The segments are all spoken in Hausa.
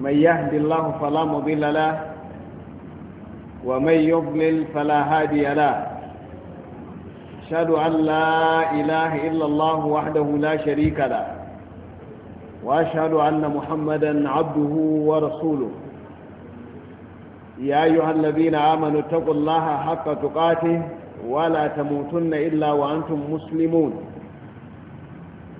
من يهد الله فلا مضل له ومن يضلل فلا هادي له أشهد أن لا إله إلا الله وحده لا شريك له وأشهد أن محمدا عبده ورسوله يا أيها الذين آمنوا اتقوا الله حق تقاته ولا تموتن إلا وأنتم مسلمون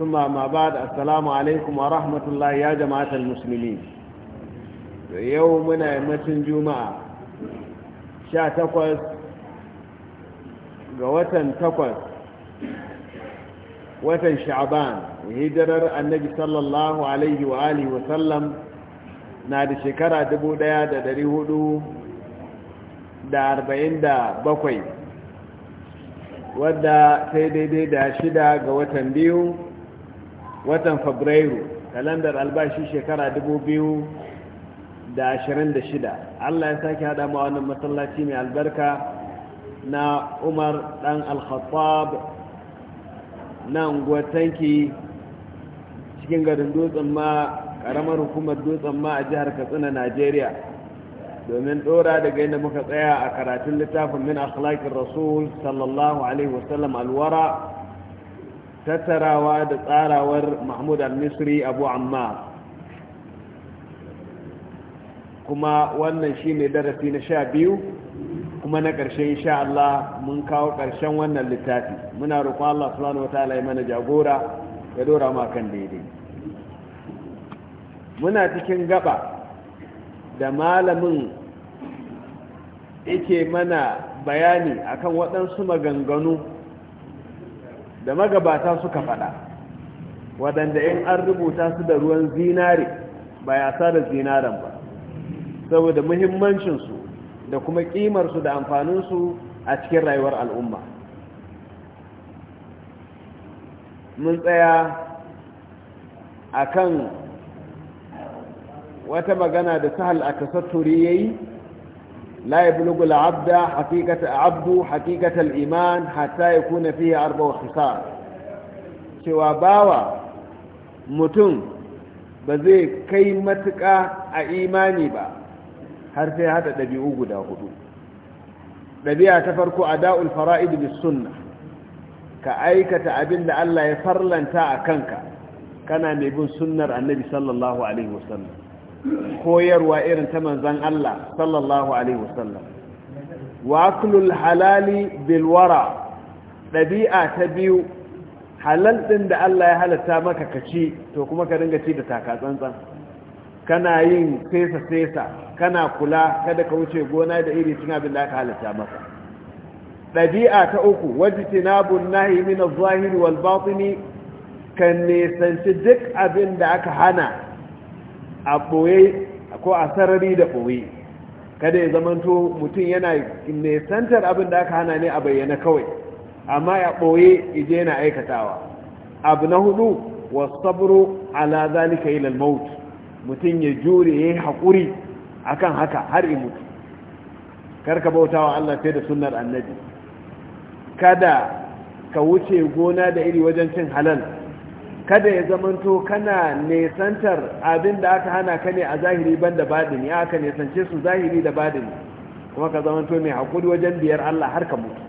ثم ما بعد السلام عليكم Musulmi. الله يا جماعة المسلمين يومنا يمتن جمعة شا تقوز وطن تقوز وطن شعبان hijirar annabi sallallahu alaihi wa alihi wasallam na da shekara bakwai wadda sai daidai da shida ga watan biyu watan fabrairu kalandar albashi shekara 2026 allah ya sake hada ma wannan masallaci mai albarka na umar dan al-khattab na unguwar cikin garin dutsen ma karamar hukumar dutsen ma a jihar katsina najeriya domin dora daga yadda muka tsaya a karatun littafin min akhlaqir rasul sallallahu alaihi wasallam alwara tattarawa da tsarawar mahmud al-misri abu amma kuma wannan shi ne darasi na sha biyu kuma na ƙarshe insha Allah mun kawo ƙarshen wannan littafi muna roƙon Allah subhanahu wataala ya mana jagora ya dora mu kan daidai muna cikin gaba da malamin yake mana bayani akan waɗansu maganganu da magabata suka faɗa waɗanda in an rubuta su da ruwan zinare ba ya sa da zinaren ba saboda muhimmancinsu da kuma ƙimarsu da amfaninsu a cikin rayuwar al'umma mun tsaya a kan wata magana da sahal a kasatturi ya yi لا يبلغ العبد حقيقة عبد حقيقة الإيمان حتى يكون cewa bawa mutum ba zai kai matuka a imani ba har sai hada ɗabi'u guda hudu ɗabi'a ta farko a da'ul fara'id bis sunna ka aikata abin da Allah ya farlanta a kanka kana mai bin sunnar annabi sallallahu koyarwa irin ta manzan Allah sallallahu alaihi wasallam wa aklul halali bilwara ɗabi'a ta biyu halal ɗin da Allah ya halatta maka ka ci to kuma ka dinga ci da taka tsantsan kana yin fesa-fesa kana kula kada ka wuce gona da iri cin abin da aka halatta maka ɗabi'a ta uku wajen tinabun nahi min zahiri wal batini kan nisanci duk abin da aka hana a ɓoye ko a sarari da ɓoye kada ya zamanto mutum yana nesantar abin da aka hana ne a bayyana kawai amma ya ɓoye ije yana aikatawa abu na hudu wasabro ala zalika ilal maut mutum ya jure ya yi haƙuri akan haka har yi mutu karka bautawa Allah sai da sunnar annabi kada ka wuce gona da iri wajen cin halal kada ya zamanto kana nesantar abin da aka hana ka ne a zahiri ban da badini ya aka nesance su zahiri da badini kuma ka zamanto mai hakuri wajen biyar Allah har ka mutu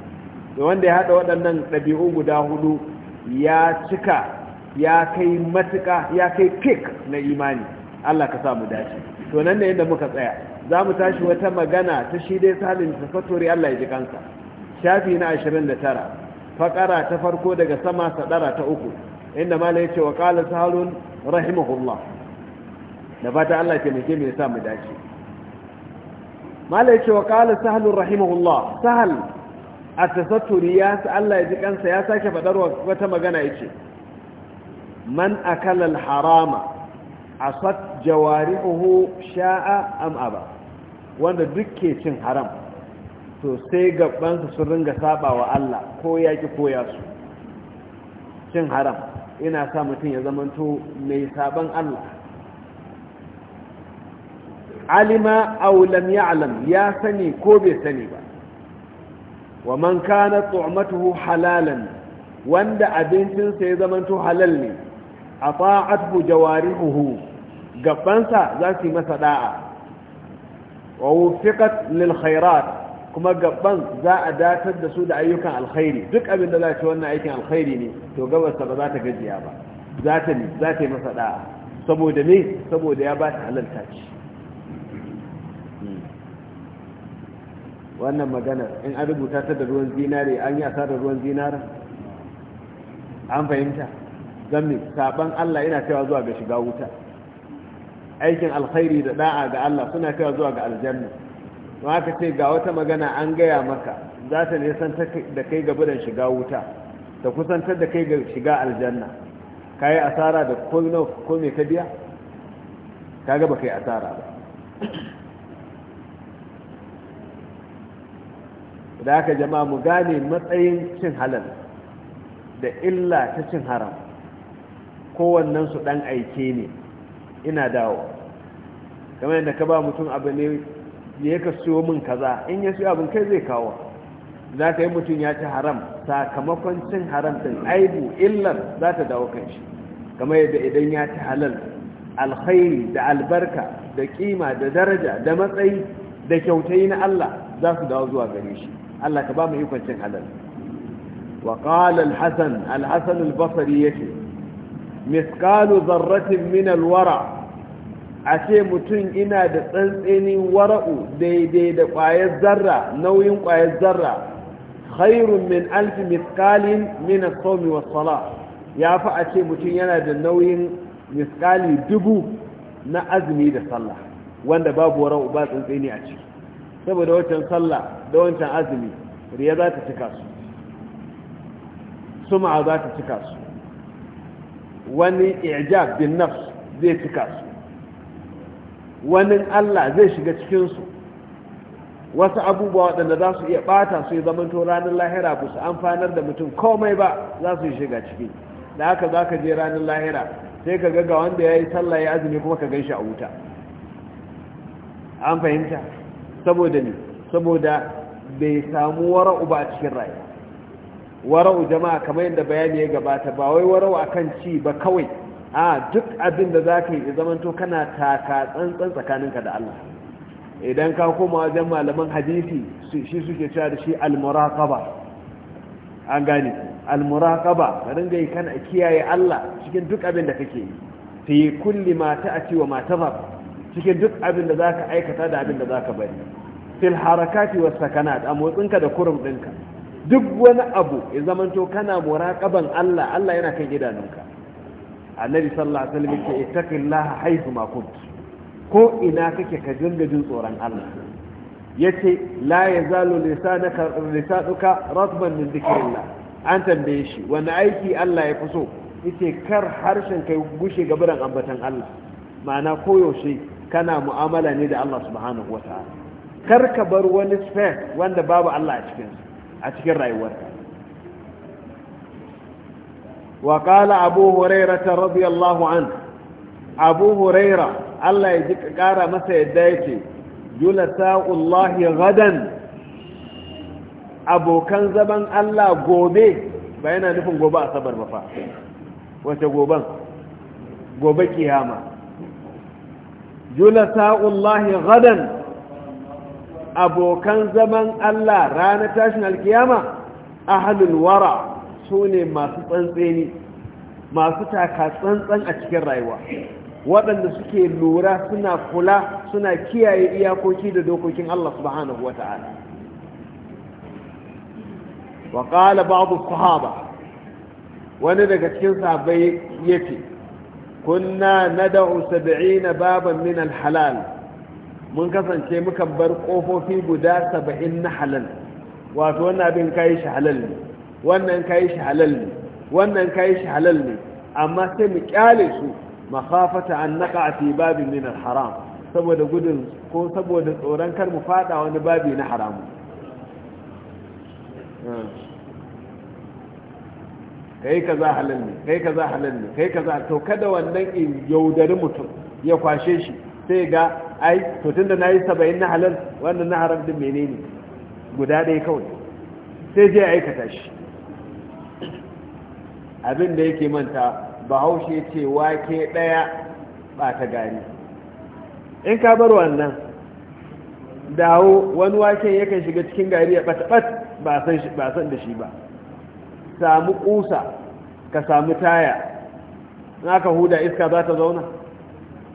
da wanda ya haɗa waɗannan ɗabi'u guda hudu ya cika ya kai matuƙa ya kai kek na imani Allah ka samu dace to nan ne inda muka tsaya za mu tashi wata magana ta shi dai salim tafattori Allah ya ji kansa shafi na 29 fakara ta farko daga sama sadara ta uku inda ma ya ce wa ƙalar rahimahullah da fata Allah ke mai mai sa mu dace mala ya wa rahimahullah sahal a tasatturi ya Allah ya ji kansa ya sake faɗarwa wata magana ya ce man akalal harama asat jawari'uhu sha'a am aba wanda dukke cin haram to sai gabansa sun ringa sabawa Allah ko yaki ko yasu cin haram yana sa mutum ya zamanto mai sabon Allah alima aulam lam ya'lam ya sani ko bai sani ba wa man kana tu'matuhu halalan wanda abincinsa ya zamanto halal ne ata'athu jawarihuhu gabansa za su yi masa da'a wa wufiqat lil khairat kuma gaban za a datar da su da ayyukan alkhairi duk abin da za ci wannan aikin alkhairi ne to gabarsa ba za ta gajiya ba za ta ne za ta yi masa da'a saboda ne saboda ya ba ta halalta ce wannan magana in an rubuta ta da ruwan zinare an yi asarar ruwan zinare an fahimta zan ne saban Allah yana kaiwa zuwa ga shiga wuta aikin alkhairi da da'a ga Allah suna kaiwa zuwa ga aljanna ma ka ce ga wata magana an gaya maka za ta nisantar da kai ga budan shiga wuta ta kusantar da kai ga shiga aljanna ka yi asara da ko mai ka biya ka gaba ka yi asara ba da haka jama'a mu gane matsayin cin halal da illa ta cin haram kowannensu ɗan aike ne ina dawo kamar yadda ka ba mutum abu ne ya ka siyo min kaza in ya siyo abin kai zai kawo za ka yi mutum ya ci haram sakamakon cin haram ɗin aibu illar za ta dawo kan shi kamar yadda idan ya ci halal alkhairi da albarka da kima da daraja da matsayi da kyautai na Allah za su dawo zuwa gare shi Allah ka ba mu ikon cin halal wa qala al-hasan al-hasan al-basri yace misqalu dharratin min al-wara a ce mutum ina da tsantseni wara'u daidai da ƙwayar zarra nauyin ƙwayar zarra khairun min alfi miskalin min as ya fi a ce mutum yana da nauyin miskali dubu na azumi da sallah wanda babu wara'u ba tsantseni a ciki saboda wancan sallah da wancan azumi riya za ta cika su suma za ta cika su wani ijab bin nafs zai cika su wani Allah zai shiga cikinsu wasu abubuwa waɗanda za su iya ɓata su yi zamanto ranar lahira ba su amfanar da mutum komai ba za su yi shiga ciki da haka za ka je ranar lahira sai ka ga wanda ya yi sallah ya azumi kuma ka gan shi a wuta an fahimta saboda ne saboda bai samu wara'u ba a cikin rayuwa wara'u jama'a kamar yadda bayani ya gabata ba wai wara'u a kan ci ba kawai a duk abin da za ka yi zamanto kana taka tsantsan tsakaninka da Allah idan ka koma wajen malaman hadisi shi suke cewa da shi almuraqaba an gane almuraqaba ka dinga yi kana kiyaye Allah cikin duk abin da kake yi fi kulli ma ta'ti wa ma tazar cikin duk abin da zaka aikata da abin da zaka bari fil harakati was sakanat a motsinka da kurum dinka duk wani abu ya zamanto kana muraqaban Allah Allah yana kan idanunka annabi sallallahu alaihi wasallam yake ittaqillaha haythu ma kunt ko ina kake ka dinga jin tsoron Allah yace la yazalu lisanaka lisanuka ratban min dhikrillah an tambaye shi wani aiki Allah ya fi so yace kar harshen kai gushe da ambatan Allah ma'ana koyaushe kana mu'amala ne da Allah subhanahu wata'ala kar ka bar wani space wanda babu Allah a cikin a cikin rayuwarka وقال أبو هريرة رضي الله عنه أبو هريرة الله يجيك قارة مسا يدايتي جلساء الله غدا أبو كان زبن الله قوبي بينا نفهم قوباء صبر بفا وتقوبا قوبي كياما جلساء الله غدا أبو كان زبن الله رانا تاشنا الكيامة أهل الورع su ne masu tsantseni masu taka tsantsan a cikin rayuwa waɗanda suke lura suna kula suna kiyaye iyakoki da dokokin Allah subhanahu wa ta'ala wa ƙala babu sahaba wani daga cikin ya ce. kunna nad'u 70 baban min halal mun kasance muka bar kofofi guda saba'in na halal wato wannan abin kai shi halal ne wannan kayi shi halal ne wannan kayi shi halal ne amma sai mu kyale su makhafata an naqa fi babin min al-haram saboda gudun ko saboda tsoron kar mu fada wani babi na haramu kai kaza halal ne kai kaza halal ne kai kaza to kada wannan in yaudari mutum ya kwashe shi sai ga ai to tunda nayi 70 na halal wannan na haram din menene guda ɗaya kawai sai je aikata shi abin da yake manta bahaushe ce wake ɗaya ta gari in ka bar wannan dawo wani waken yakan shiga cikin gari ya ɓata-ɓat, ba san da shi ba samu ƙusa ka samu taya na ka huda iska za ta zauna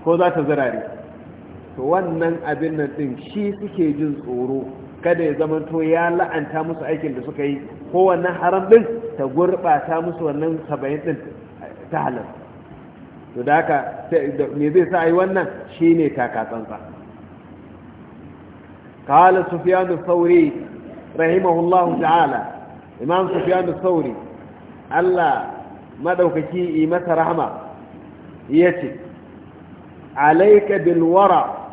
ko za ta zirare to wannan abin nan ɗin shi suke jin tsoro kada ya zamanto ya la'anta musu aikin da suka yi ko wannan haram din ta gurɓata musu wannan saba'in din ta halar to da haka me zai sa yi wannan shi ne takatsantsa kala sufiyanu sauri rahimahullahu ta'ala imam sufiyanu sauri allah maɗaukaki yi masa rahama ya ce alaika bilwara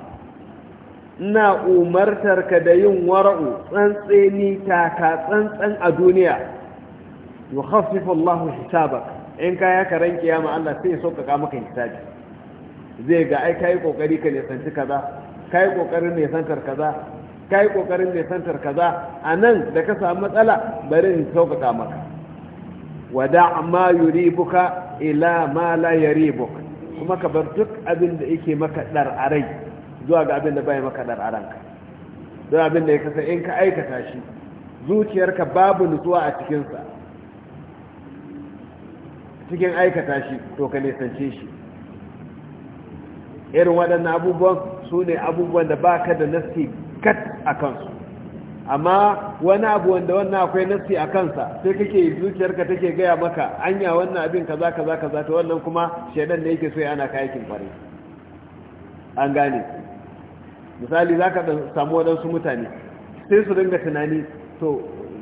ina umartarka da yin wara'u tsantseni taka tsantsan a duniya wa khaffifa Allah hisabak in kaya ka karan kiyama Allah sai ya sauƙaƙa maka hisabi zai ga ai kai kokari ka nisanci kaza kai kokarin nisantar kaza kai kokarin nisantar kaza anan da ka samu matsala bari in sauƙaƙa maka wada ma yuribuka ila ma la yuribuka kuma ka bar duk abin da yake maka dar a zuwa ga abin da bai maka dar aranka don abin da ya kasa in ka aikata shi zuciyarka babu nutsuwa a cikinsa cikin aikata shi to ka nisance shi irin waɗannan abubuwan su ne abubuwan da ba ka da nasi kat a kansu amma wani abu wanda wannan akwai nasi a kansa sai kake zuciyarka take gaya maka anya wannan abin kaza kaza kaza ta wannan kuma shaidan da yake so ya ana kayakin fare an gane misali za ka samu waɗansu mutane sai su dinga tunani to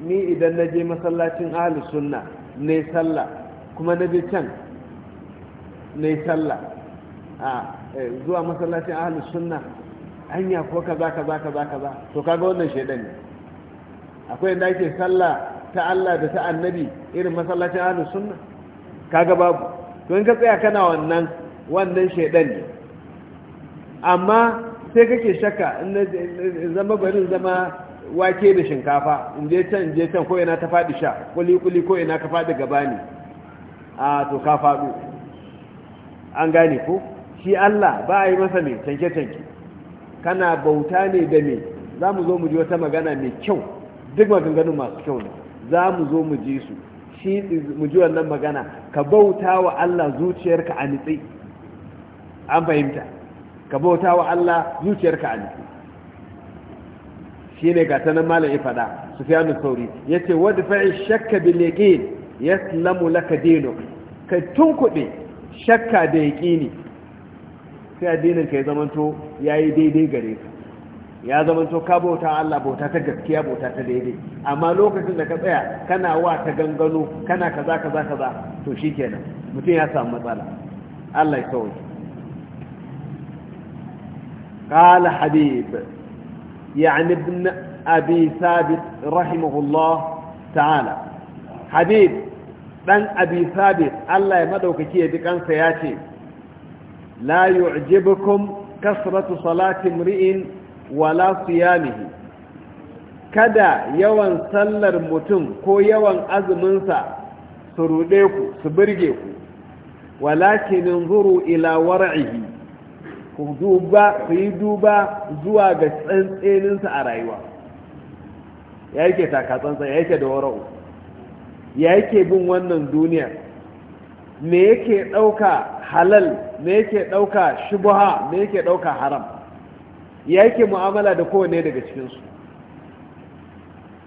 ni idan na je masallacin ahalus sunna ne sallah kuma na je can ne sallah a eh, zuwa masallacin ahalus sunna hanya ko kaza kaza kaza kaza to kaga wannan shaidan ne akwai yadda ake sallah ta Allah da ta annabi irin masallacin ahalus sunna kaga babu to in ka tsaya kana wannan wannan shaidan ne amma sai kake shakka in zama barin zama wake da shinkafa in je can je can ko yana ta faɗi sha kuli kuli ko yana ka faɗi gaba ne a to ka faɗo an gane ko shi Allah ba a yi masa mai canke canke kana bauta ne da me za mu zo mu ji wata magana mai kyau duk maganganu masu kyau ne za mu zo mu ji su shi mu ji wannan magana ka bauta wa Allah zuciyarka a nitsi an fahimta ka bauta wa Allah zuciyarka a Shi shine ga tanan malam ya faɗa sufyanu sauri yace wadda fa'i shakka bil yaqin yaslamu laka dinuk tun kuɗi shakka da yaqini sai addinin ka ya zamanto yayi daidai gare ka ya zamanto ka bauta Allah bauta ta gaskiya bauta ta daidai amma lokacin da ka tsaya kana wa ta gangano kana kaza kaza kaza to shikenan mutum ya samu matsala Allah ya sauke قال حبيب يعني ابن أبي ثابت رحمه الله تعالى حبيب ɗan abi Allah ya madaukaki ya bi kansa ya ce la yu'jibukum kasratu salati mri'in wala siyamihi kada yawan sallar mutum ko yawan azuminsa su ruɗe ku su birge ku walakin zuru ila war'ihi ku duba su yi duba zuwa ga tsantseninsa a rayuwa ya yake takatsantsa ya yake da wara'u ya yake bin wannan duniya me yake ɗauka halal me yake ɗauka shubuha me yake ɗauka haram ya yake mu'amala da kowane daga cikinsu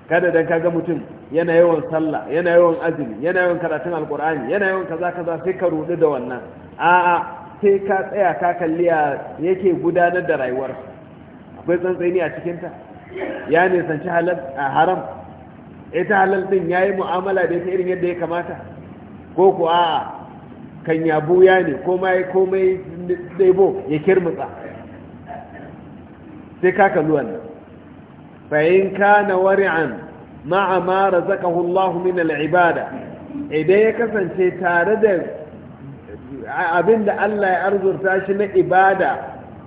kada dan kaga mutum yana yawan sallah yana yawan azumi yana yawan karatun alkur'ani yana yawan kaza kaza sai ka rudu da wannan a'a sai ka tsaya ka kalli a yake gudanar da rayuwar akwai tsantsani a cikinta ya nisanci haram ita halal din ya yi mu'amala da ita irin yadda ya kamata ko ku a kan ya buya ne komai komai daibo ya kirmutsa sai ka kalli wannan fa'in ka na wari'an ma'amara ma min al'ibada idan ya kasance tare da abin da Allah ya arzurta shi na ibada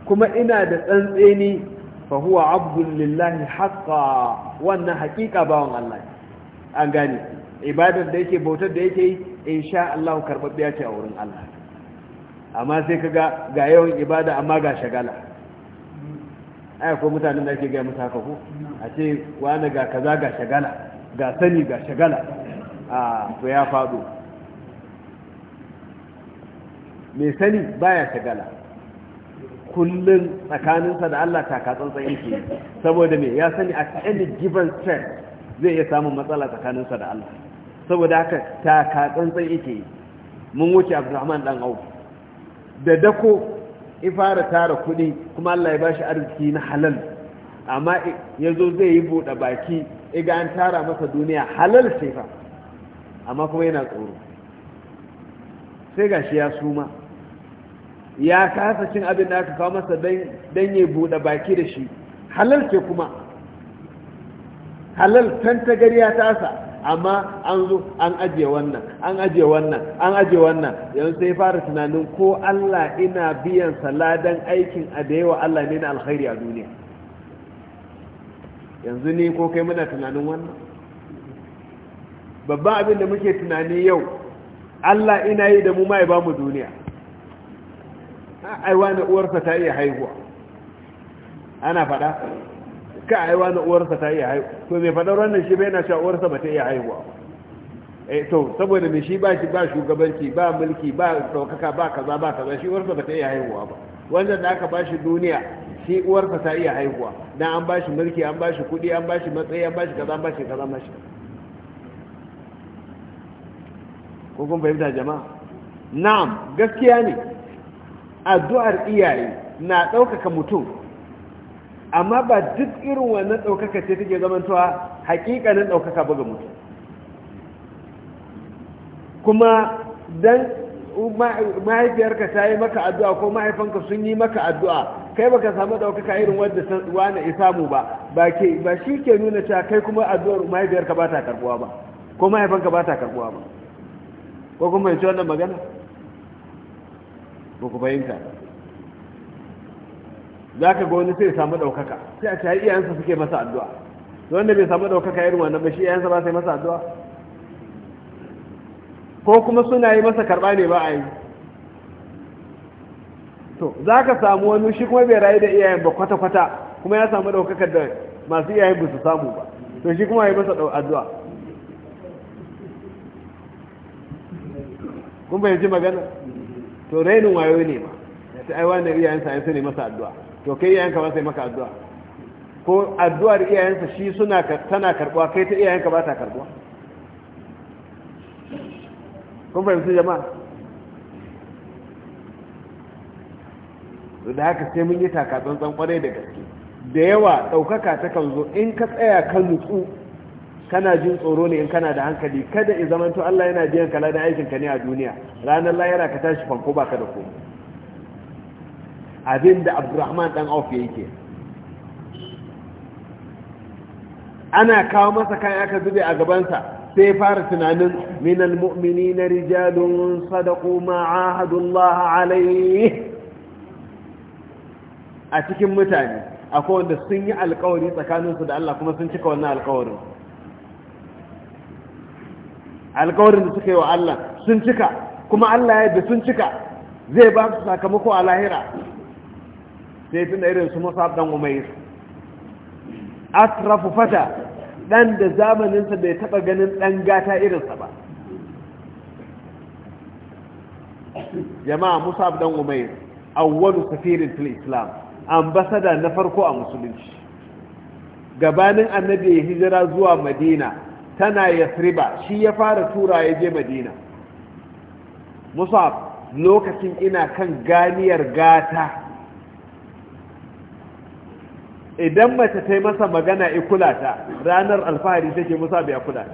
kuma ina da tsantseni fa huwa abdul lillahi haqqa wannan hakika bawan Allah an gane ibadar da yake bautar da yake yi insha Allah karbabbiya ce a wurin Allah amma sai kaga ga yawan ibada amma ga shagala ai ko mutanen da ke ga mutaka haka ko a ce wani ga kaza ga shagala ga sani ga shagala a ah, to ya fado mai sani baya shagala kullum tsakaninsa da Allah takatsantsan yake saboda me ya sani a any given stress zai iya samun matsala tsakaninsa da Allah saboda haka takatsantsan yake mun wuce Abdulrahman dan Auf da dako fara tara kuɗi kuma Allah ya bashi arziki na halal amma yazo zai yi buɗe baki iga an tara masa duniya halal sai fa amma kuma yana tsoro sai gashi ya suma ya kasa cin abin da aka kawo masa don yi buɗe baki da shi halal ce kuma halal tan ta gari ya tasa amma an zo an ajiye wannan an ajiye wannan an ajiye wannan yanzu sai fara tunanin ko Allah ina biyan saladan aikin a da yawa Allah ne na alkhairi a duniya yanzu ne ko kai muna tunanin wannan babban abin da muke tunani yau Allah ina yi da mu ma ya ba mu duniya aiwa na uwarsa ta iya haihuwa ana faɗa ka aiwa na uwarsa ta iya haihuwa to mai faɗar wannan shi bai na cewa uwarsa ba ta iya haihuwa eh to saboda mai shi ba shi ba shugabanci ba mulki ba saukaka ba kaza ba kaza shi uwarsa ba ta iya haihuwa ba wanda da aka ba shi duniya shi uwarsa ta iya haihuwa dan an ba shi mulki an ba shi kuɗi an ba shi matsayi an ba shi kaza an ba shi kaza an ba shi ko kun fahimta jama'a na'am gaskiya ne addu'ar iyaye na ɗaukaka mutum amma ba duk irin wannan ɗaukaka ce take zamantowa hakikanin ɗaukaka buga mutum kuma don mahaifiyarka ta yi maka addu'a ko mahaifanka sun yi maka addu'a kai baka samu ɗaukaka irin wadda wani isa mu ba ba shi ke nuna cewa kai kuma addu'ar mahaifiyarka ba ta karbuwa ba ko mahaifanka ba ta karbuwa ba ko kuma yanci wannan magana ba ku fahimta za ka ga wani sai samu ɗaukaka sai a ce ai iyayensa suke masa addu'a wanda bai samu ɗaukaka irin wannan ba shi iyayensa ba sai masa addu'a ko kuma suna yi masa karɓa ne ba a yi to za ka samu wani shi kuma bai rayu da iyayen ba kwata-kwata kuma ya samu ɗaukaka da masu iyayen ba su samu ba to shi kuma ya yi masa addu'a kun bai ji magana to rainin wayo ne ma ya ce ai wannan iyayensa yansa ne masa addu'a to kai iyayenka ba sai maka addu'a ko addu'ar iyayensa shi suna tana karbuwa kai ta iyayenka ba ta karbuwa kun fahimci jama'a da haka sai mun yi tsantsan kwarai da gaske da yawa ɗaukaka ta kan zo in ka tsaya kan nutsu kana jin tsoro ne in kana da hankali kada in zamanto Allah yana biyan ka ladan aikin ka ne a duniya ranar lahira ka tashi fanko baka da komai abin da Abdurrahman dan Auf yake ana kawo masa kayan aka zube a gabansa sai fara tunanin minal mu'minina rijalun sadaqu ma Ahadullah alayhi a cikin mutane akwai wanda sun yi alkawari tsakaninsu da Allah kuma sun cika wannan alkawarin alkawarin da suka yi wa Allah sun cika kuma Allah ya ba sun cika zai ba su sakamako a lahira sai tun da irin su musab dan umair asrafu fata dan da zamaninsa bai taba ganin dan gata irinsa ba jama'a musa dan umair awwalu safirin fil islam ambasada na farko a musulunci gabanin annabi hijira zuwa madina tana yasriba shi ya fara tura ya je madina musab lokacin ina kan ganiyar gata idan mace ta yi masa magana ikula ta ranar alfahari take musa ya kula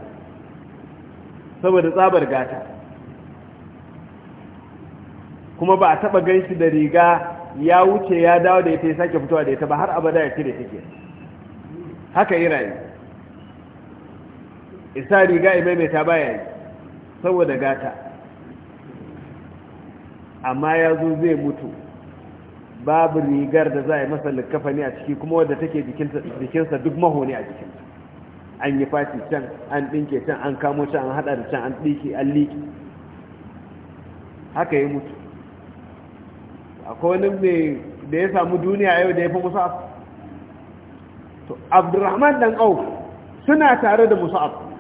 saboda tsabar gata kuma ba a taba ganshi da riga ya wuce ya dawo da ita ya sake fitowa da ta ba har abada ya cire take haka yi isa riga imaimaita baya yi saboda gata amma ya zo zai mutu babu rigar da za a yi masa ne a ciki kuma wadda take jikinsa duk maho ne a jikinsa an yi fati can an ɗinke can an kamo can an haɗa da can an ɗiki an liki haka ya mutu akwai wani mai da ya samu duniya yau da ya fi musa'af to abdurrahman dan auf suna tare da musa'af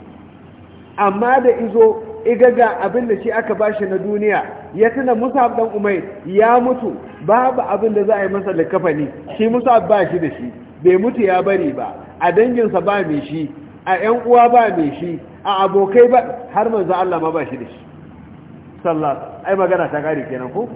amma da izo igaga abin da shi aka bashi na duniya ya tuna Musa dan umai ya mutu babu abin da za a yi masa likafani shi Musa ba shi da shi bai mutu ya bari ba a danginsa ba mai shi a yan uwa ba mai shi a abokai ba har manzo Allah ma ba shi da shi sallah ai magana ta kare kenan ko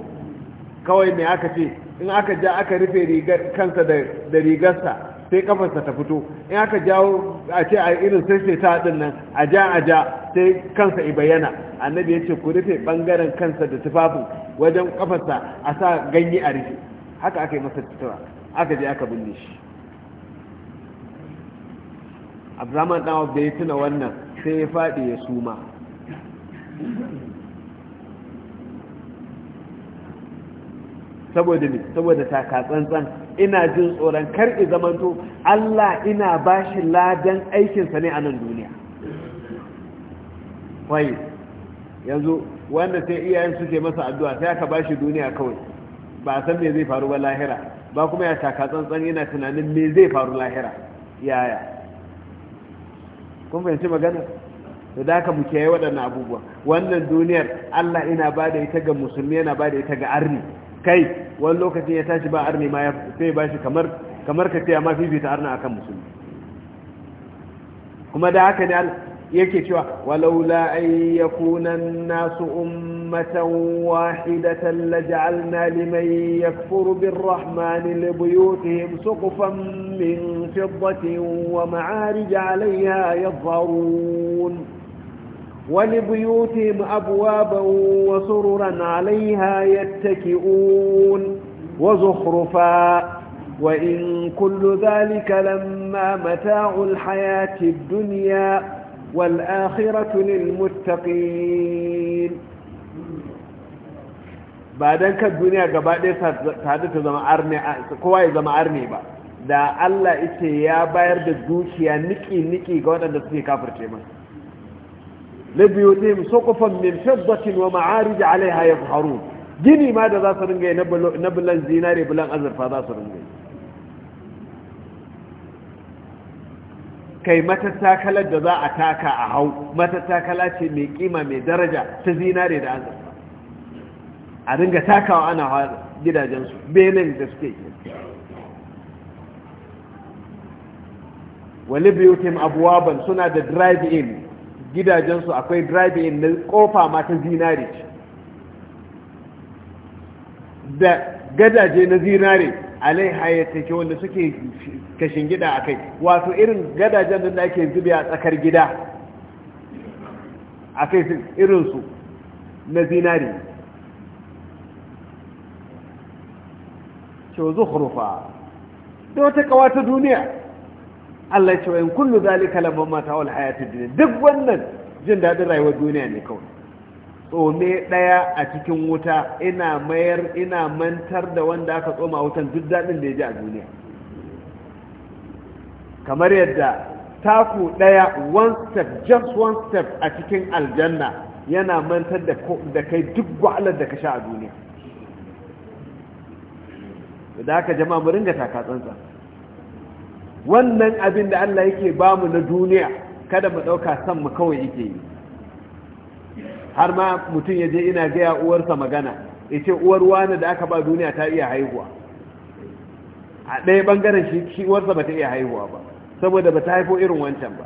kawai me aka ce in aka ja aka rufe rigar kansa da rigarsa sai kafarsa ta fito in aka jawo a ce a irin sai ta din nan a ja a ja sai kansa i bayyana annabi ya ce ku rufe bangaren kansa da tufafin wajen kafarsa a sa ganye a rufe haka aka yi masa tutura aka je aka binne shi abdurrahman dan da ya tuna wannan sai ya faɗi ya suma saboda ne saboda taka tsantsan ina jin tsoron kar i zamanto Allah ina bashi ladan aikinsa ne a nan duniya wai yanzu wanda sai iyayen suke masa addu'a sai aka bashi duniya kawai ba san me zai faru ba lahira ba kuma ya taka tsantsan yana tunanin me zai faru lahira yaya kun fahimci magana da da mu kiyaye waɗannan abubuwa wannan duniyar Allah ina ba da ita ga musulmi yana ba da ita ga arni kai wani lokacin ya tashi ba arni ma sai ba shi kamar kamar ka ce ma fifita arna akan musulmi kuma da haka ne yake cewa walaula an yakuna an-nasu ummatan wahidatan laj'alna liman yakfuru birrahmani libuyutihim suqufan min fiddatin wa ma'arij 'alayha yadhharun ولبيوتهم أبوابا وسررا عليها يتكئون وزخرفا وإن كل ذلك لما متاع الحياة الدنيا والآخرة للمتقين بعدين كالدنيا قبل تحدث زمعرني كواي زمع زمعرني بقى da Allah ita ya bayar da dukiya niki-niki ga waɗanda suke kafirce masa لبيوتهم سقفا من min ومعارج wa ma'arij alaiha ماذا gini ma da za su ringa na bulan zinare bulan azurfa za su kai da za a taka a hau matattakala ce mai kima mai daraja ta zinare da azurfa a ringa takawa ana gidajensu benin da suke wali biyotim abuwaban suna da drive-in gidajensu akwai drive-in na kofa ma ta zinare da gadaje na zinare a ya take wanda suke kashin gida a kai wato irin gadajen da ake zube a tsakar gida a kai irinsu na zinare ce zuhrufa da wata kawata duniya Allah ya ce wa in kullu zalika lamma mata'ul hayati dunya duk wannan jin dadin rayuwar duniya ne kawai tsome daya a cikin wuta ina mayar ina mantar da wanda aka tsoma wutan duk daɗin da ya ji a duniya kamar yadda taku ɗaya one step just one step a cikin aljanna yana mantar da kai duk wahalar da ka sha a duniya da aka jama'a mu ringa taka tsantsan wannan abin da Allah yake bamu na duniya kada mu ɗauka san mu kawai yake yi har ma mutum ya je ina gaya uwarsa magana ya ce uwar wani da aka ba duniya ta iya haihuwa a ɗaya ɓangaren shi uwarsa ba ta iya haihuwa ba saboda ba ta haifo irin wancan ba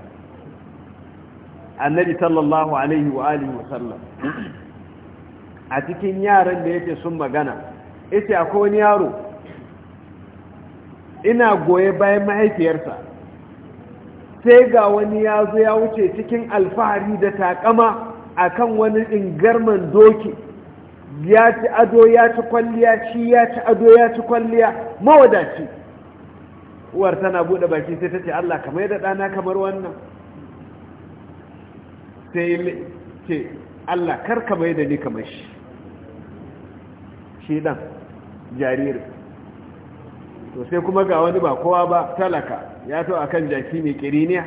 annabi sallallahu alaihi wa alihi wa sallam a cikin yaran da yake sun magana yace akwai wani yaro ina goye bayan mahaifiyarsa sai ga wani ya zo ya wuce cikin alfahari da takama a kan wani ingarman doki ya ci ado ya ci kwalliya shi ya ci ado ya ci kwalliya mawadaci uwar tana bude baki sai ta ce Allah kamar yadda ɗana kamar wannan sai ce Allah kar kamar yadda ni kamar shi shi dan jaririn to sai kuma ga wani ba kowa ba talaka ya to a kan jaki mai kiriniya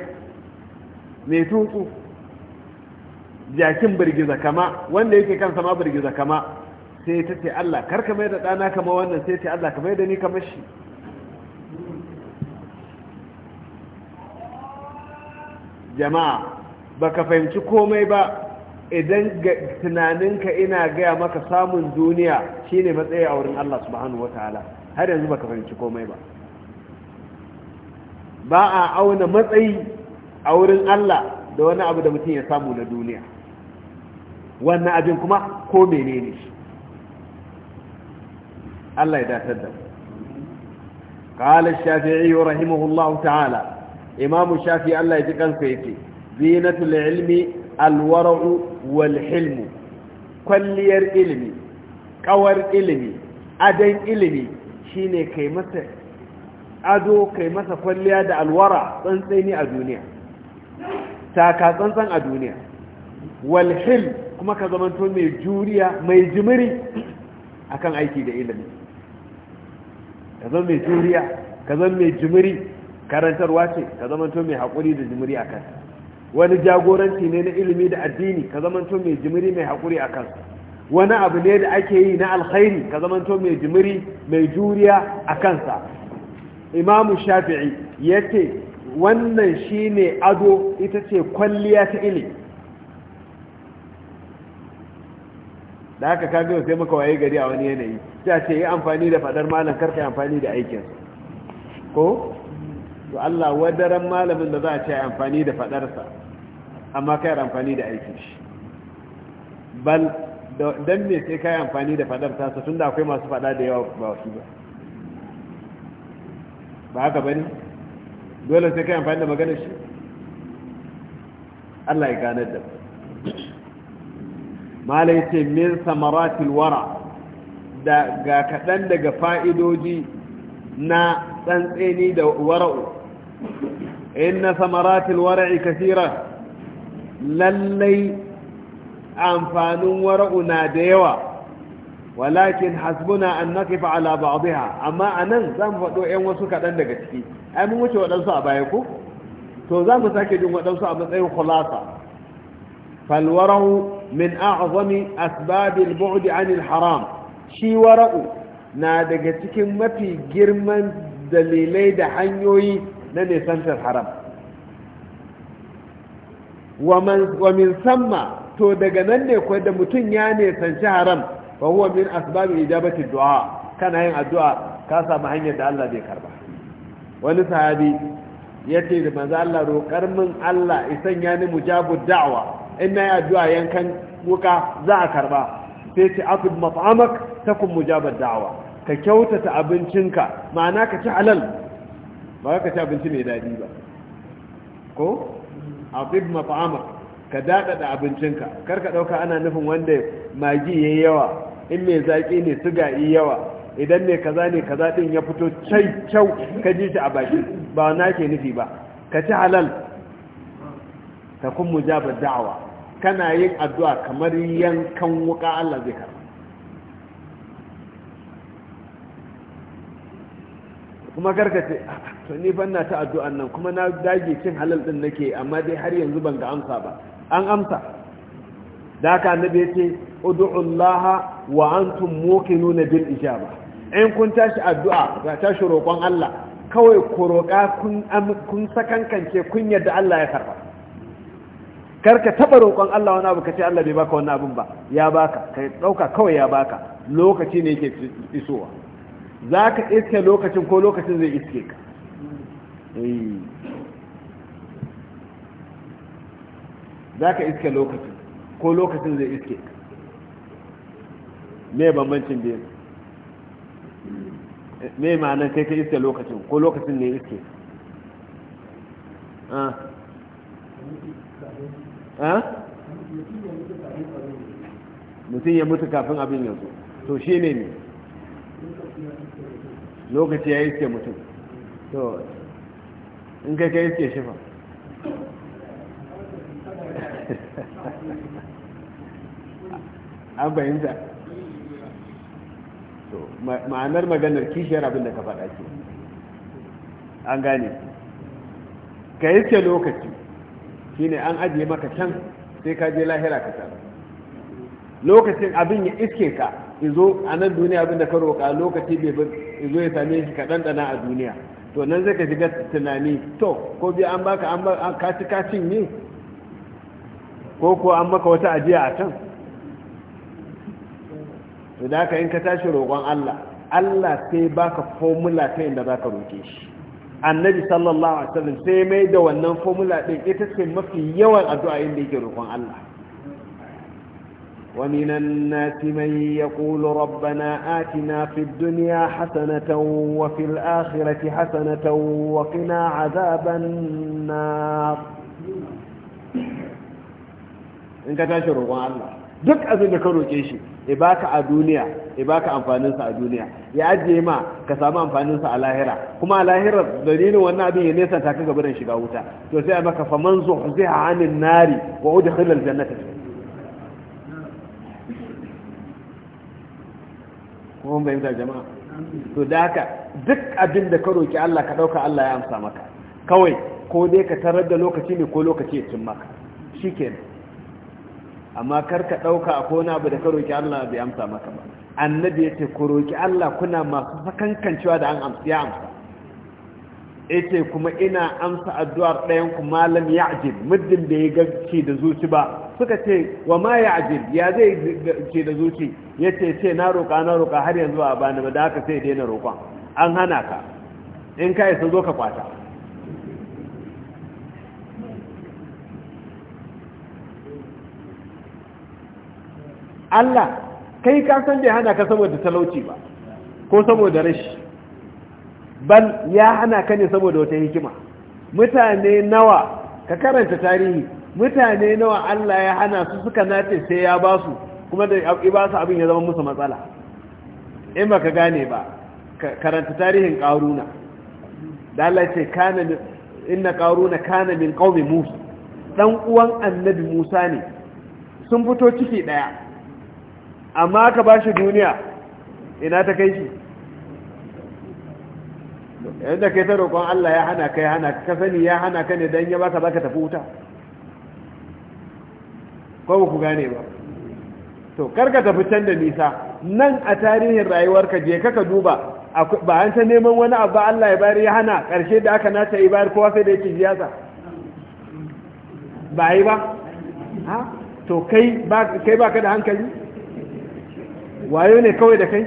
mai tutsu jakin birgiza kama wanda yake kansa ma birgiza kama sai ta ce Allah karka mai da dana kama wannan sai ce Allah ka mai da ni kama shi jama'a ba ka fahimci komai ba idan tunaninka ina gaya maka samun duniya shine matsayi a wurin Allah subhanahu wataala har yanzu baka fahimci komai ba ba a auna matsayi a wurin Allah da wani abu da mutum ya samu na duniya wannan abin kuma ko menene shi Allah ya datar da قال الشافعي رحمه الله تعالى إمام الشافعي الله يجي كان كيفي زينة العلم alwara'u wal kwalliyar ilimi kawar ilimi adan ilimi shine kai masa ado kai masa kwalliya da alwara tsantsani a duniya taka tsantsan a duniya wal kuma ka zamanto mai juriya mai jimiri akan aiki da ilimi ka zama mai juriya ka zama mai jimiri karantarwa ce ka zamanto mai haƙuri da jimiri akan wani jagoranci ne na ilimi da addini ka zamanto mai jimiri mai haƙuri a kansa wani abu ne da ake yi na alkhairi ka zamanto mai jimiri mai juriya a kansa imamu shafi'i ya ce wannan shi ne ado ita ce kwalliya ta ilimi da haka kaga sai maka waye gari a wani yanayi Ta ce yi amfani da fadar malam karfe yi amfani da aikinsa ko to Allah wadaran malamin da za a ce amfani da fadarsa amma kai amfani da aikin shi bal dan me sai kai amfani da fadar tasa tunda akwai masu fada da yawa ba su ba ba haka bane dole sai kai amfani da maganar shi Allah ya ganar da malai ce min samaratil wara da ga kaɗan daga fa'idoji na tsantseni da wara'u in na samaratil wara'i kasirar lallai amfanin wara'u na da yawa walakin hasbuna an naqifa ala ha, amma za mu faɗo 'yan wasu kaɗan daga ciki ai mun wuce waɗansu a baya ko to za mu sake jin waɗansu a matsayin kulasa. fal wara'u min a'zami asbab bu'udi anil haram shi wara'u na daga cikin mafi girman dalilai da hanyoyi na nisantar haram wa min samma to daga nan ne kuwa da mutum ya ne sanci haram fa huwa min asbabi ijabati du'a kana yin addu'a ka samu hanyar da Allah zai karba wani sahabi yace da manzo Allah roƙar min Allah isan ya ni mujabu da'wa in nayi addu'a yankan wuka za a karba sai ce afid mat'amak takun mujabar da'awa ka kyautata abincinka ma'ana ka ci halal ba ka ci abinci mai daɗi ba ko afid mafa'ama ka daɗaɗa abincinka kar ka ɗauka ana nufin wanda magi ya yawa in mai zaƙi ne suga yi yawa idan mai kaza ne kaza ɗin ya fito cai cau ka ji shi a baki ba na ke nufi ba ka ci halal ta kun mujabar da'awa kana yin addu'a kamar yankan wuka Allah zai karɓa kuma karkace to ni fanna ta addu'an nan kuma na dage cin halal din nake amma dai har yanzu ban ga amsa ba an amsa da ka annabi yace ud'u Allah wa antum muqinuna bil ijaba in kun tashi addu'a ga tashi roƙon Allah kawai ku roƙa kun kun sakankance kun yadda Allah ya karba karka taba roƙon Allah wani abu kace Allah bai baka wani abun ba ya baka kai dauka kawai ya baka lokaci ne yake isowa za ka iske lokacin ko lokacin zai iske ka eh. za ka iske lokacin ko lokacin zai iske ka me bambancin biyu me ma'anar kai ka iske lokacin ko lokacin ne iske ka ah. Ah? mutum ya mutu kafin abin yanzu to shi ne ne lokaci ya iske mutum to in kai ka iske shi fa an bayanta to ma'anar maganar kishiyar abinda ka faɗa ce an gane ka iske lokaci shine an ajiye maka can sai ka je lahira ka tsara lokacin abin ya iske ka izo a nan duniya abin da ka roƙa lokaci bai bar izo ya same shi ka ɗana a duniya to nan zai ka shiga tunani to ko bi an baka an ka ci ka ne? ko ko an maka wata ajiya a can to da ka in ka tashi roƙon Allah Allah sai baka formula ta inda zaka roƙe shi annabi sallallahu alaihi wasallam sai mai da wannan formula din ita ce mafi yawan addu'a inda yake roƙon Allah ومن الناس من يقول ربنا آتنا في الدنيا حسنة وفي الآخرة حسنة وقنا عذاب النار in ka tashi roƙon Allah duk abin ka roƙe shi ya baka amfaninsa a duniya ya ajiye ma ka samu amfaninsa a lahira kuma a lahirar dalilin wannan abin ya nesa ta ka shiga wuta to sai a maka faman kuma bai da jama'a to da haka duk abin da ka roki Allah ka dauka Allah ya amsa maka kawai ko dai ka tarar da lokaci ne ko lokaci ya cin maka shikenan amma kar ka dauka ko na abu da ka roki Allah bai amsa maka ba annabi ya ce ku roki Allah kuna masu sakankancewa da an amsa ya amsa yace kuma ina amsa addu'ar ɗayan ku malam ya'jib muddin da ya gaci da zuci ba suka ce wa ma ya ajil ya zai ce da zuci ya ce ce na roƙa na roƙa har yanzu a bani ba da aka sai daina roƙon an hana ka in ka yi sun zo ka kwata Allah kai ka san bai hana ka saboda talauci ba ko saboda rashi bal ya hana ka ne saboda wata hikima mutane nawa ka karanta tarihi mutane nawa Allah ya hana su suka nace sai ya ba su kuma da ba su abin ya zama musu matsala in ba ka gane ba karanta tarihin ƙaruna da Allah ce inna ƙaruna kana min ƙaumi musu ɗan uwan annabi musa ne sun fito ciki ɗaya amma ka ba shi duniya ina ta kai shi yadda kai ta roƙon Allah ya hana ka ya hana ka sani ya hana ka ne don ya baka baka tafi wuta ko ku gane ba to karka tafi can da nisa nan a tarihin rayuwarka je kaka duba ba an ta neman wani abu Allah ya bari ya hana karshe da aka nata yi bayar kowa sai da yake jiyasa ba yi ba ha to kai ba ka da hankali wayo ne kawai da kai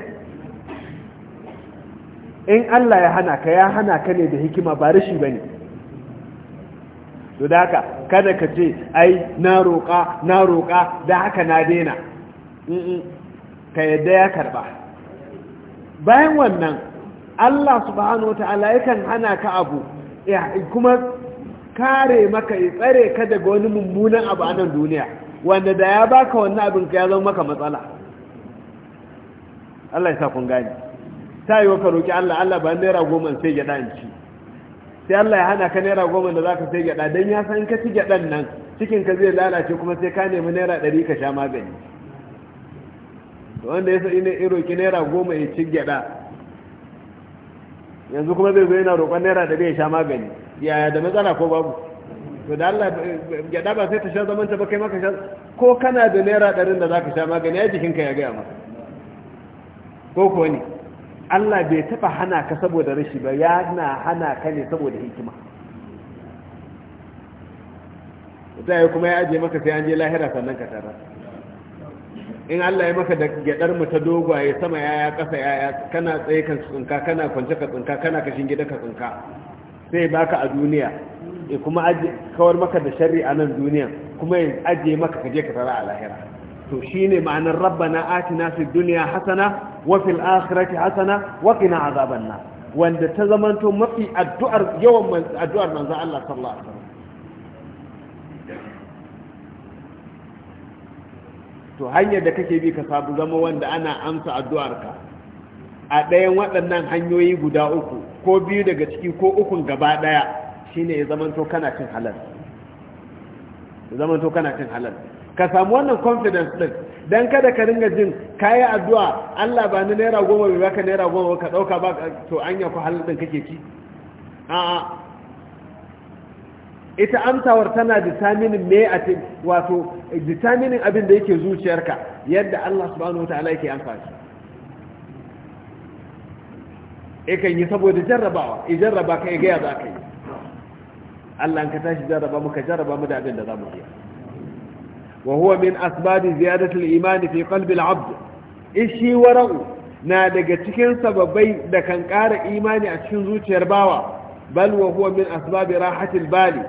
in Allah ya hana ka ya hana ka ne da hikima ba rashi ba to da haka kada ka ce ai na roƙa na roƙa da haka na daina ka yadda ya karba bayan wannan Allah subhanahu wata'ala yakan hana ka abu kuma kare maka ya tsare ka daga wani mummunan abu a nan duniya wanda da ya baka wannan abin ka ya zama maka matsala Allah ya sa kun gani ta yi wa ka roƙi Allah Allah ba naira goma sai in ci. sai Allah ya hana ka naira goma da zaka sai gyada don ya san ka ci gyadan nan cikin ka zai lalace kuma sai ka nemi naira ɗari ka sha magani wanda ya sai ne roƙi naira goma ya ci gyada yanzu kuma zai zo yana roƙon naira ɗari ya sha magani yaya da matsala ko babu to da Allah gyada ba sai ta sha zaman ta ba kai maka sha ko kana da naira ɗarin da za ka sha magani ya jikinka ya gaya maka ko ko ne Allah bai taba hana ka saboda rashi ba ya na hana ka ne saboda hikima ta yi kuma ya aje maka sai an je lahira sannan ka tara in Allah ya maka da gyadar mu ta dogwaye sama yaya kasa yaya kana tsaye ka tsinka kana kwance ka tsinka kana kashin gida ka tsinka sai baka a duniya ya kuma kawar maka da shari'a nan duniya kuma ya aje maka ka je ka tara a lahira to ne ma'anar rabbana atina fid duniya hasana wa fil akhirati hasana wa qina azaban nar wanda ta zamanto mafi addu'ar yawan addu'ar manzo Allah sallallahu alaihi wasallam to hanyar da kake bi ka sabu zama wanda ana amsa addu'arka a ɗayan waɗannan hanyoyi guda uku ko biyu daga ciki ko ukun gaba ɗaya shine ya zamanto kana cin halal zamanto kana cin halal ka samu wannan confidence din dan kada ka ringa jin kayi addu'a Allah ba ni naira goma bai baka naira goma ka dauka ba to anya ku halin din kake ci a ita amsawar tana determining me a wato determining abin da yake zuciyarka yadda Allah subhanahu wataala yake amfani kan yi saboda jarrabawa i jarraba ka ya gaya za ka yi Allah ka tashi jarraba muka jarraba mu da abin da za mu iya وهو من أسباب زيادة الإيمان في قلب العبد إشي ورأو نادق تكين سببي دكان قار إيماني أتشنزو تيرباوا بل وهو من أسباب راحة البالي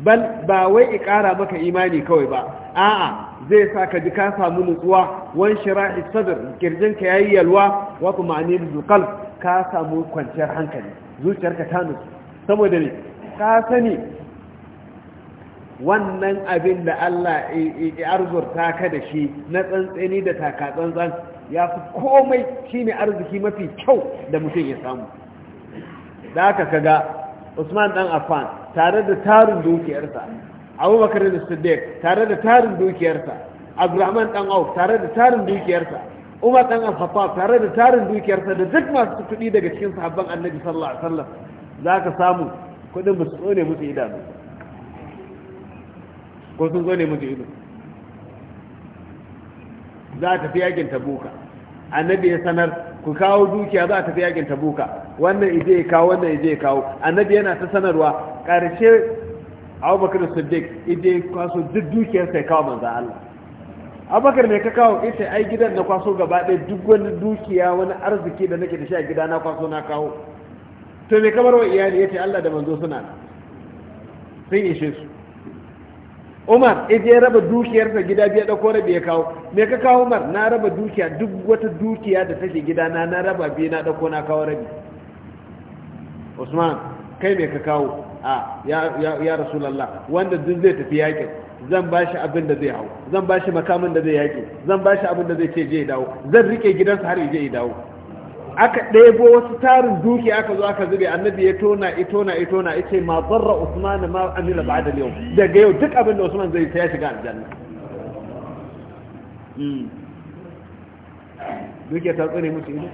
بل باوي إقارة مك إيماني كوي با آآ زي ساك جكاسا منطوا وانشراح الصدر كرجنك أي الوا وطمعنين القلب كاسا موكوان شرحنك زو شركة تانس سمو دلي كاسني wannan abin da Allah ya arzurta ka da shi na tsantsani da takatsantsan ya fi komai shi ne arziki mafi kyau da mutum ya samu da aka kaga usman dan Afan tare da tarin dukiyarsa abubakar da siddiq tare da tarin dukiyarsa Abdulrahman dan auf tare da tarin dukiyarsa umar dan afafa tare da tarin dukiyarsa da duk masu kuɗi daga cikin sahabban annabi sallallahu alaihi wasallam zaka samu kuɗin musu tsone musu idanu ko sun ne mutu ido za a tafi yakin tabuka annabi ya sanar ku kawo dukiya za a tafi yakin tabuka wannan ije ya kawo wannan ije ya kawo annabi yana ta sanarwa ƙarshe abubakar siddiq ije kwaso duk dukiyar ya kawo manzo Allah abubakar ne ka kawo ita ai gidan na kwaso gaba ɗaya duk wani dukiya wani arziki da nake da shi a gida na kwaso na kawo to me kamar wa iyali yace Allah da manzo suna sun ishe su umar ije eh, ya raba dukiyarsa gida biya da rabi ya kawo me ka kawo umar na raba dukiya duk wata dukiya da take gida na na raba biya na dauko na kawo rabi usman kai me ka kawo a ya rasulullah wanda duk zai tafi yakin zan ba shi abin da zai hau zan ba shi makamin da zai yaƙi zan ba shi abin da zai ce je ya dawo zan rike gidansa har ya je ya dawo aka ɗebo wasu tarin duki aka zo aka zube annabi ya tona ya tona ya tona ya ce ma zarra usman ma amila ba'da yau daga yau duk abin da usman zai ya shiga aljanna hmm. duk ya tsare musu ido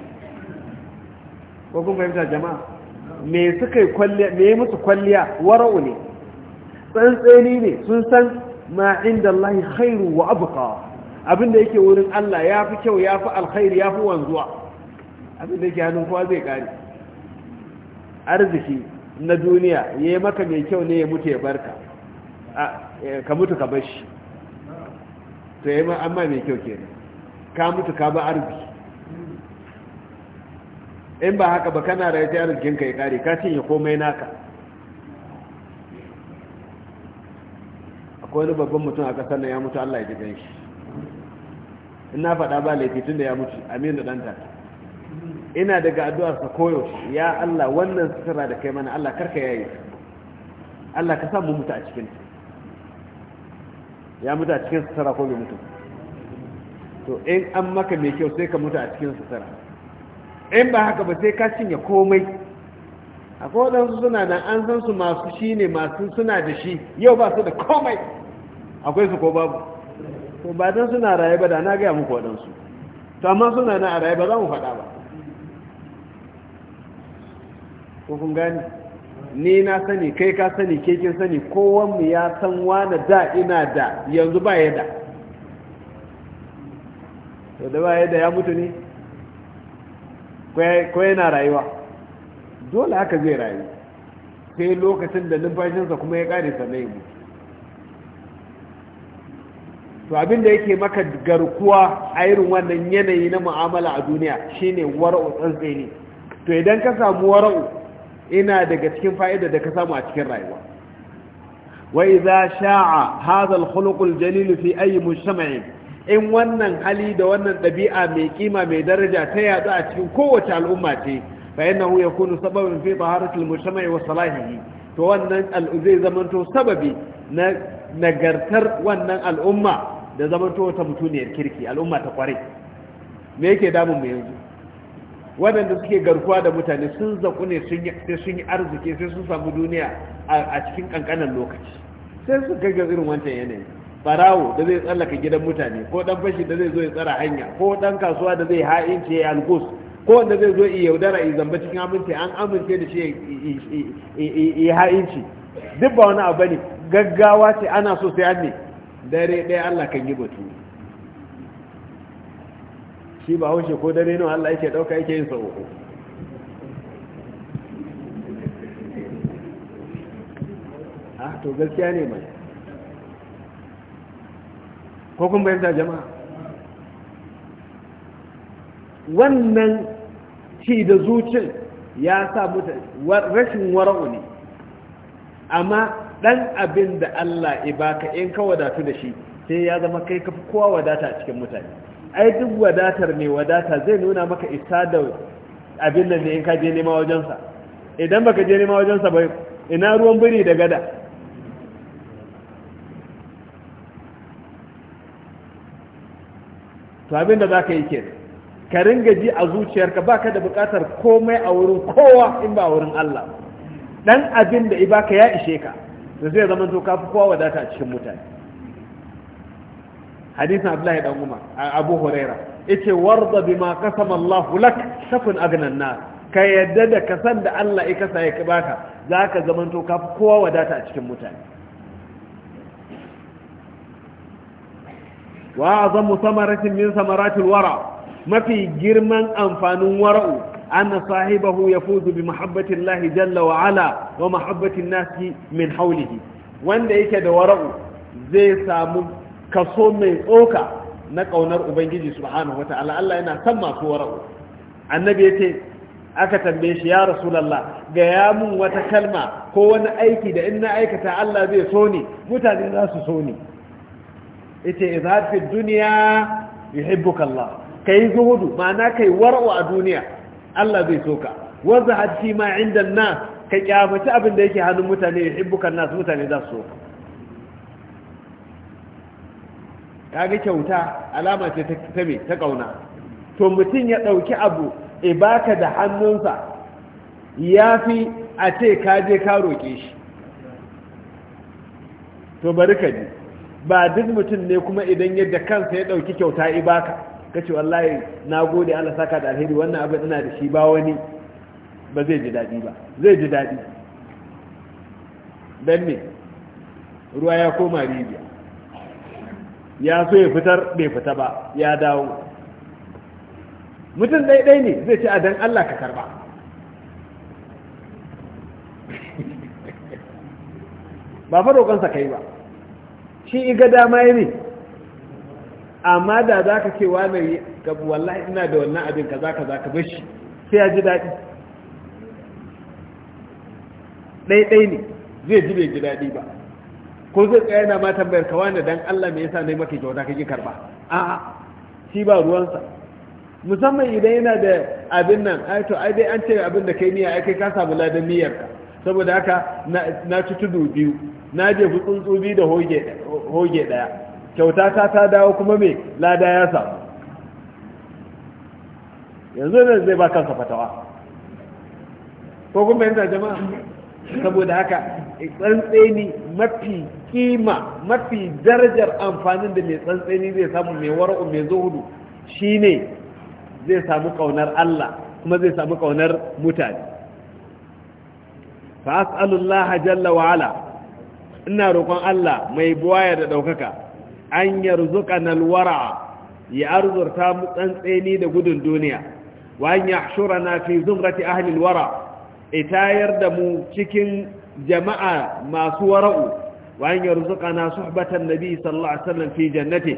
ko kun fahimta jama'a me suka yi kwalliya me musu kwalliya wara'u ne tsantseni ne sun san ma inda Allah khairu wa abqa abinda yake wurin Allah yafi kyau yafi alkhairi yafi wanzuwa abin da ke hannun kowa zai kare arziki na duniya ya yi maka mai kyau ne ya mutu ya barka eh, ka mutu ka bashi to ya yi amma mai kyau ke ka mutu ka ba arziki in ba haka ba kana rayu ta ka ya kare ka cinye komai naka akwai wani babban mutum a kasar na ya mutu allah ya ji ganshi in na faɗa ba laifi tun da ya mutu amin da ɗanta ina daga addu'arsa koyaushe ya Allah wannan sutura da kai mana Allah karka yayi Allah ka sa mu mutu a cikin ya mutu a cikin sutura ko bai mutu to in an maka mai kyau sai ka mutu a cikin sutura in ba haka ba sai ka cinye komai akwai waɗansu suna da an san su masu shi ne masu suna da shi yau ba su da komai akwai su ko babu to ba dan suna raye ba da na gaya muku su. to amma suna na a raye ba za mu faɗa ba kun gane ni na sani kai ka sani ke kin sani kowan mu ya san wani da ina da yanzu ba ya da to ba ya ya mutu ne ko yana rayuwa dole haka zai rayu sai lokacin da numfashinsa kuma ya kare sannan yi mutu to abin da yake maka garkuwa a irin wannan yanayi na mu'amala a duniya shine wara'u ne to idan ka samu wara'u ina daga cikin fa'ida da ka samu a cikin rayuwa Wai za sha'a hazal hulukul khuluq al fi ayi mujtama'in in wannan hali da wannan ɗabi'a mai kima mai daraja ta yatsu a cikin kowace al'umma ce fa innahu yakunu sababin fi taharatil mujtama'i wa salahihi to wannan al'uzai zamanto sababi na nagartar wannan al'umma da zamanto ta mutuniyar kirki al'umma ta kware me yake damun mu yanzu waɗanda suke garkuwa da mutane sun zaku ne sai sun yi arziki sai sun samu duniya a cikin ƙanƙanan lokaci sai su kai irin wancan yanayi Farawo da zai tsallaka gidan mutane ko ɗan fashi da zai zo ya tsara hanya ko ɗan kasuwa da zai ha'ince ya algos ko wanda zai zo ya yaudara ya zamba cikin amince an amince da shi ya ha'inci duk ba wani abu ne gaggawa ce ana so sai an ne dare ɗaya Allah kan yi batu shi ba haushe ko dare nawa Allah yake dauka yake yin sau uku to gaskiya ne mai ko kun da jama'a wannan ci da zuci ya sa mutane rashin wara'u ne amma dan abin da Allah ya baka in ka wadatu da shi sai ya zama kai kafi kowa wadata a cikin mutane ai duk wadatar mai wadata zai nuna maka isa da abin da ne in ka je nema wajensa idan baka je nema wajensa ba ina ruwan biri da gada to abin da za ka yi ke ka ringa ji a zuciyarka ba ka da bukatar komai a wurin kowa in ba a wurin Allah dan abin da ibaka ya ishe ka da zai zama to ka fi kowa wadata cikin mutane hadisin abdullahi dan umar abu huraira yace warda bima qasama Allah lak takun agnan nas ka yadda da kasan da Allah ya kasa ya baka zaka zamanto ka kowa wadata a cikin mutane wa azamu samaratin min samaratil wara mafi girman amfanin wara'u anna sahibahu yafuzu bi mahabbati Allah jalla wa ala wa mahabbati an-nas min hawlihi wanda yake da wara'u zai samu kaso mai tsoka na ƙaunar ubangiji subhanahu wataala Allah yana san masu wara'u annabi ya ce aka tambaye shi ya rasu ga ya mun wata kalma ko wani aiki da in na aikata Allah zai so ni mutane za su so ni yace idhar fi dunya yuhibbuka Allah kai zuhudu ma'ana kai wara'u a duniya Allah zai so ka wazahad fi ma inda nas ka kyamaci abin da yake hannun mutane yuhibbuka nas mutane za su so ka kaga kyauta alama ce ta me ta kauna to mutum ya ɗauki abu e baka da hannunsa ya fi a ce ka je ka roƙe shi to bari ka ji ba duk mutum ne kuma idan yadda kansa ya ɗauki kyauta i baka ka ce wallahi na gode Allah saka da alheri wannan abin ina da shi ba wani ba zai ji daɗi ba zai ji daɗi don me ruwa ya koma rijiya ya so ya fitar bai fita ba ya dawo mutum ɗaiɗai ne zai ci a dan Allah ka karba ba fa roƙonsa kai ba shi iga dama ya ne amma da za ka ce mai gabu wallahi ina da wannan abin ka za ka za ka bashi sai ya ji daɗi ɗaiɗai ne zai ji bai ji daɗi ba ko zai tsaya yana ma tambayar ka wani dan Allah me yasa ne maka kyauta kake karba a'a shi ba ruwansa musamman idan yana da abin nan ai to ai dai an ce abin da kai niyya ai kai ka samu ladan niyyar ka saboda haka na ci tudu biyu na je fi tsuntsu biyu da hoge daya kyauta ta ta dawo kuma me lada ya samu yanzu ne zai ba kansa fatawa ko kuma yanzu jama'a saboda haka tsantseni mafi kima mafi darajar amfanin da mai tsantseni zai samu mai wara'u mai zuhudu shine zai samu kaunar Allah kuma zai samu kaunar mutane fa as'alullaha jalla wa ala ina roƙon Allah mai buwaya da ɗaukaka an yarzuqana waraa ya arzurta mu tsantseni da gudun duniya wa an yahshurana fi zumrati ahli alwara itayar da mu cikin jama'a masu wara'u wa an yarzuqana suhbatan nabi sallallahu alaihi wasallam fi jannati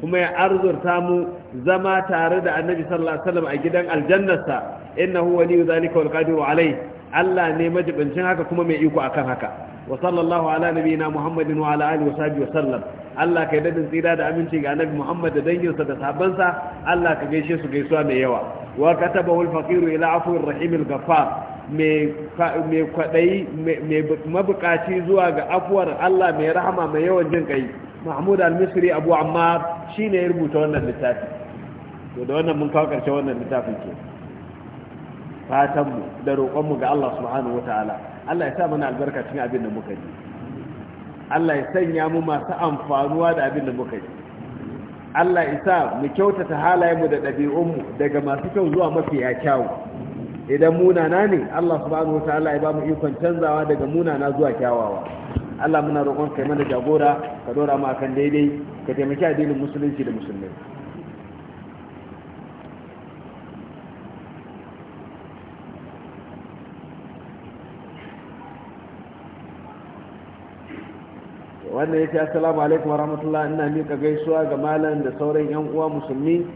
kuma ya arzurta mu zama tare da annabi sallallahu alaihi wasallam a gidan aljannarsa innahu waliyyu zalika wal qadiru alai Allah ne majibincin haka kuma mai iko akan haka wa sallallahu ala nabiyina muhammadin wa ala alihi wa sahbihi wasallam Allah kai dadin tsira da aminci ga annabi muhammad da danginsa da sahabbansa Allah ka gaishe su gaisuwa mai yawa wa katabahu al-faqir ila afwir rahim al-ghaffar mai kwaɗayi mabukaci zuwa ga afuwar Allah mai rahama mai yawan jin ƙai mahmud al-misri abu amma shi ne ya rubuta wannan littafi to da wannan mun kawo ƙarshe wannan littafin ke fatanmu da roƙonmu ga Allah subhanahu wa ta'ala Allah ya sa mana albarka cikin abin da muka yi Allah ya sanya mu masu amfanuwa da abin da muka yi Allah ya sa mu kyautata halayenmu da ɗabi'unmu daga masu kyau zuwa mafi kyawu idan munana ne Allah subhanahu ta'ala ya ba mu ikon canzawa daga munana zuwa kyawawa Allah muna roƙon kai mana jagora ka dora mu akan daidai ka taimaki addinin musulunci da musulmai wannan yake assalamu alaikum rahmatullah ina mika gaisuwa ga malam da sauran yan uwa musulmi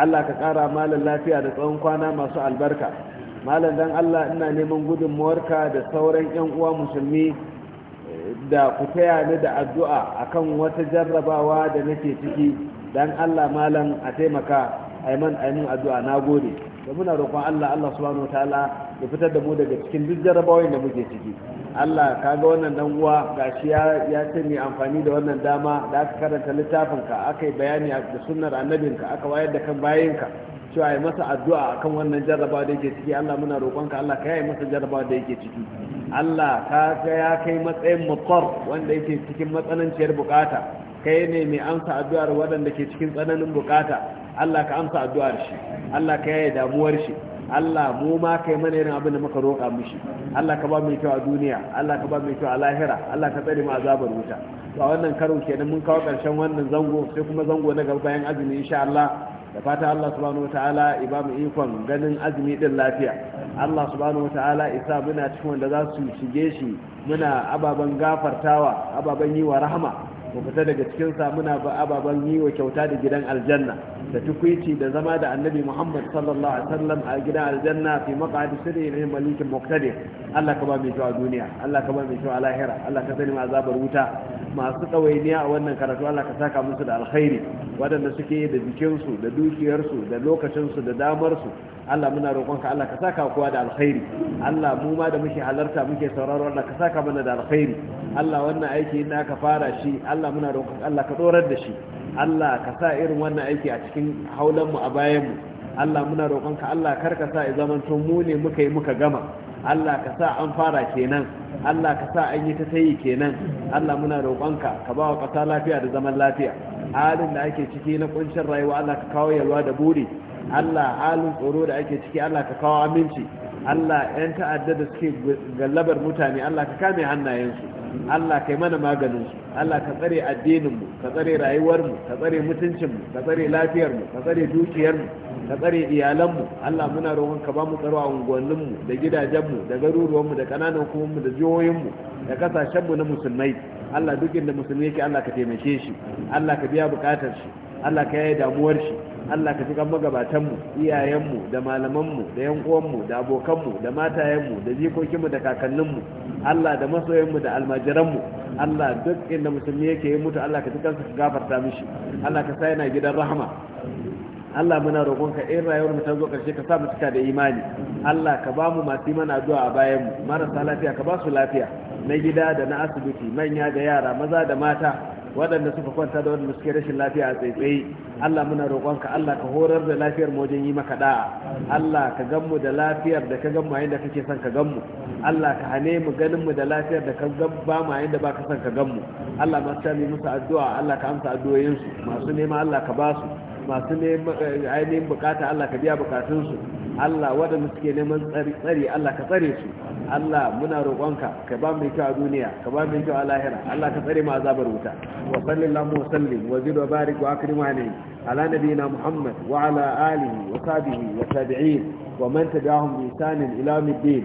Allah ka kara malam lafiya da tsawon kwana masu albarka malam dan Allah ina neman gudunmawarka da sauran 'yan uwa musulmi da ku taya ni da addu'a akan wata jarrabawa da nake ciki dan Allah malam a taimaka aiman min addu'a na gode da muna roƙon Allah Allah subhanahu wataala ya fitar da mu daga cikin duk jarrabawoyin da muke ciki Allah ka ga wannan dan uwa gashi ya ya ce amfani da wannan dama da aka karanta littafinka aka yi bayani da sunnar annabinka aka wayar da kan bayinka cewa ya masa addu'a akan wannan jarraba da yake ciki Allah muna roƙonka Allah ka yi masa jarraba da yake ciki Allah ka ga ya kai matsayin mutar wanda yake cikin matsananciyar bukata kai ne mai amsa addu'ar waɗanda ke cikin tsananin bukata Allah ka amsa addu'ar shi Allah ka yi damuwar shi Allah mu ma kai mana irin abin da muka roƙa mishi Allah ka ba mu kyau a duniya Allah ka ba mu kyau a lahira Allah ka tsare mu azabar wuta a wannan karo kenan mun kawo ƙarshen wannan zango sai kuma zango na gaba bayan azumi insha Allah da fata Allah subhanahu wataala iba mu ikon ganin azumi din lafiya Allah subhanahu wataala isa muna cikin wanda za su shige shi muna ababen gafartawa ababen yi wa rahama mu fita daga cikin sa muna ba ababan yi wa kyauta da gidan aljanna da tukwici da zama da annabi muhammad sallallahu alaihi wasallam a gidan aljanna fi maqadi sirri min malikin muqtadir Allah ka ba mu kyau a duniya Allah ka ba mu kyau a lahira Allah ka sani azabar wuta masu tsawainiya a wannan karatu Allah ka saka musu da alkhairi waɗanda suke da bikinsu da dukiyarsu da lokacinsu da damarsu Allah muna ka Allah ka saka kowa da alkhairi Allah mu ma da muke halarta muke sauraro Allah ka saka mana da alkhairi Allah wannan aiki na ka fara shi Allah Allah muna roƙon Allah ka tsorar da shi Allah ka sa irin wannan aiki a cikin haulan mu a bayanmu. Allah muna roƙon ka Allah kar ka sa ya zamanto mu ne muka yi muka gama Allah ka sa an fara kenan Allah ka sa an yi ta tayi kenan Allah muna roƙonka ka ba wa ƙasa lafiya da zaman lafiya halin da ake ciki na kuncin rayuwa Allah ka kawo yalwa da buri Allah halin tsoro da ake ciki Allah ka kawo aminci Allah 'yan ta'adda da suke gallabar mutane Allah ka kame hannayensu Allah kai mana maganin su Allah ka tsare addinin mu ka tsare rayuwar mu ka tsare mutuncin mu ka tsare lafiyar mu ka tsare dukiyar mu ka tsare iyalan mu Allah muna roƙon ka ba mu tsaro a unguwannin mu da gidajen mu da garuruwan mu da kananan kuma mu da jihohin mu da kasashen mu na musulmai Allah duk inda musulmi yake Allah ka taimake shi Allah ka biya bukatar shi Allah ka yaye damuwar shi Allah ka cikin magabatanmu iyayenmu da malamanmu da yan uwanmu da abokanmu da matayenmu da jikokinmu da kakanninmu Allah da masoyinmu da almajiranmu Allah duk inda musulmi yake yi mutu Allah ka cikin su gafarta mishi Allah ka sa yana gidan rahama Allah muna ka in rayuwar mu ta zo ƙarshe ka sa mu cika da imani Allah ka ba mu masu mana addu'a a bayan mu marasa lafiya ka ba su lafiya na gida da na asibiti manya da yara maza da mata waɗanda suka kwanta da waɗanda suke rashin lafiya a tsaitsaye Allah muna roƙonka Allah ka horar da lafiyar mu wajen yi maka da'a Allah ka gan da lafiyar da ka gan mu yadda kake son ka gan Allah ka hane mu ganin mu da lafiyar da ka gan ba mu yadda ba ka son ka gan Allah masu sami musu addu'a Allah ka amsa su masu nema Allah ka ba su masu eh, ainihin bukata Allah ka biya bukatunsu Allah waɗanda suke neman tsari Allah ka tsare su Allah muna roƙonka ka ba mu kyau a duniya ka ba mu kyau a lahira Allah ka tsare mu azabar wuta wa sallallahu wa sallim wa zid barik wa akrim ala nabiyina Muhammad wa ala alihi wa sahbihi wa tabi'in wa man tabi'ahum bi ihsan ila yawmiddin